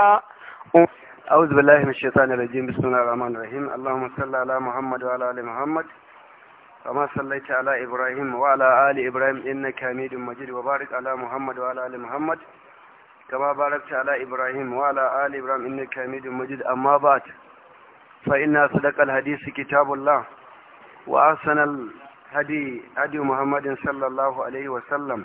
أعوذ بالله من الشيطان الرجيم بسم الله الرحمن الرحيم اللهم صل على محمد وعلى آل محمد كما صليت على إبراهيم وعلى آل إبراهيم إنك حميد مجيد وبارك على محمد وعلى آل محمد كما باركت على إبراهيم وعلى آل إبراهيم إنك حميد مجيد أما بعد فإن أصدق الحديث كتاب الله وأحسن الهدي هدي محمد صلى الله عليه وسلم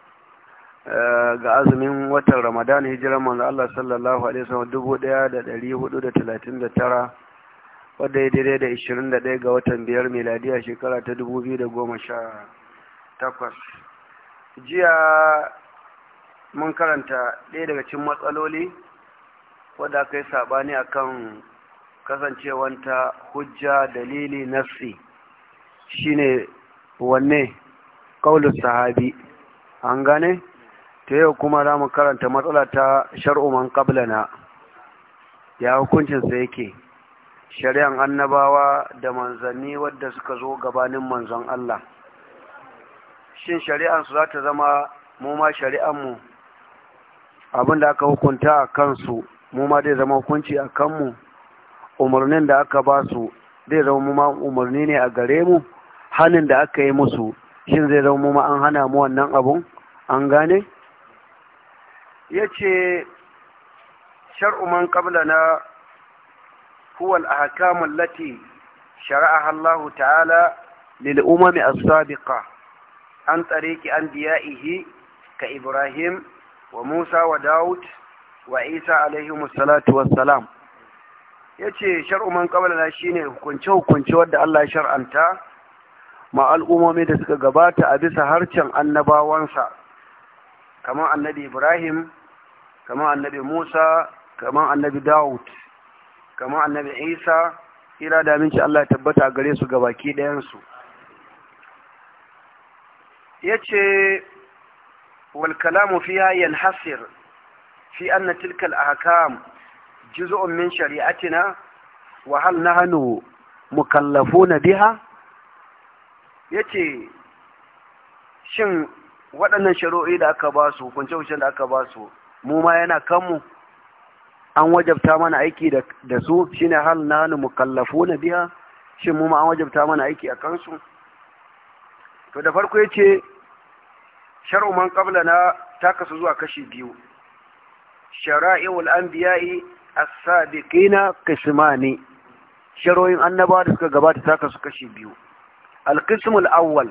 Eh, ga azumin watan ramadan hijiran manzo Allah sallallahu alaihi wasallam dubu ɗaya da ɗari hudu da talatin da tara wadda ya daidai da ishirin da ɗaya ga watan biyar miladiya shekara ta dubu biyu da goma sha takwas jiya mun karanta ɗaya daga cikin matsaloli wadda aka yi saɓani a kan kasancewanta hujja dalili nafsi shine wanne kaulus sahabi an gane ta yau kuma za mu karanta matsala ta shar'uman na, ya hukuncinsa yake shari'an annabawa da manzanni wadda suka zo gabanin manzon Allah shin shari'ansu za ta zama mu ma shari'anmu abinda aka hukunta a kansu mu ma zai zama hukunci a kanmu umarnin da aka ba su zai zama mu umarni ne a gare mu hannun da aka yi musu shin zai zama mu an hana mu wannan abun an gane ya ce shar'uman na huwal a lati shari'a Allah ta'ala lil'umami a sabiqa an tsare an biya'ihi ka Ibrahim wa Musa wa Dawud wa Isa alaihimu salatu wassalam ya ce shar'uman ƙablana shi ne hukunce-hukunce wadda Allah shar'anta ma al'ummomi da suka gabata a bisa harcen annabawansa kamar annabi Ibrahim kamar annabi Musa kamar annabi Dawud kamar annabi Isa ira da minci Allah ya tabbata gare su gabaki ɗayan su yace wal kalamu fiha yanhasir fi anna tilka ahkam juz'un min shari'atina wa hal nahnu mukallafuna biha yace shin waɗannan shari'o'i da aka ba su hukunce-hukuncen da aka ba su mu ma yana kanmu an wajabta mana aiki da su Shi ne hal mukallafu na biya? shin mu ma an wajabta mana aiki a kansu to da farko yace sharuman kabla na ta kasu zuwa kashi biyu shara'i'ul anbiya'i as-sabiqina qismani sharoyin annaba da suka gabata ta kasu kashi biyu al awwal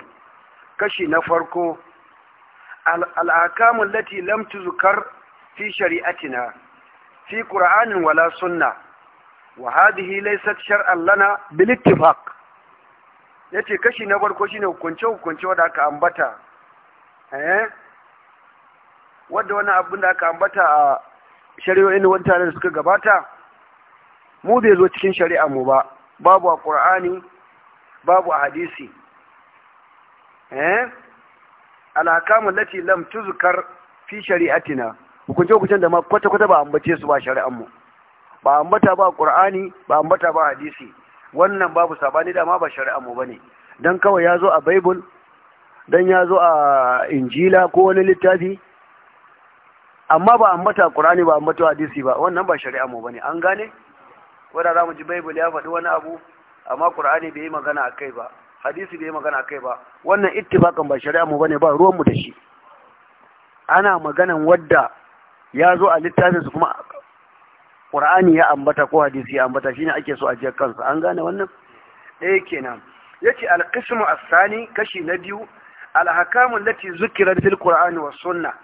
kashi na farko al-ahkamu allati lam في شريعتنا في قرآن ولا سنة وهذه ليست شرعا لنا بالاتفاق yace kashi na farko shine hukunce hukunce wanda aka ambata eh wanda wannan abin da aka ambata a shari'o'in wanda da suka gabata mu bai zo cikin shari'a mu ba babu a qur'ani babu a hadisi eh al-ahkam allati lam tuzkar fi shari'atina hukunce hukuncen da ma kwata-kwata ba ambace su ba shari'an mu ba ambata ba qur'ani ba ambata ba hadisi wannan babu sabani da ma ba shari'an mu bane dan kawai ya zo a bible dan ya zo a injila ko wani littafi amma ba ambata qur'ani ba ambata hadisi ba wannan ba shari'an mu bane an gane wanda za mu ji bible ya faɗi wani abu amma qur'ani bai yi magana a kai ba hadisi bai yi magana a kai ba wannan ittifakan ba shari'an mu bane ba ruwan mu da shi ana maganan wadda ya zo a littafin su kuma ƙurani ya ambata ko hadisi ya ambata ne ake so a jiyar kansa an gane wannan ɗaya eh, kenan Ya ce qismu as-sani kashi na biyu alhakamun Lati, allati fil Qur'ani wa sunnah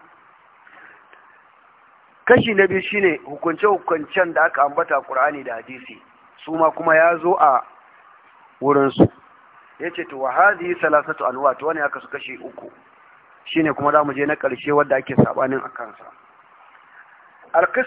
kashi na biyu shine hukunce-hukuncen da aka ambata Ƙur'ani da hadisi su ma kuma ya zo a wurinsu ya ce to wahazi salasatu alwa to wani aka su kashi uku shine kuma za mu je na ƙarshe wadda ake saɓanin a kansa al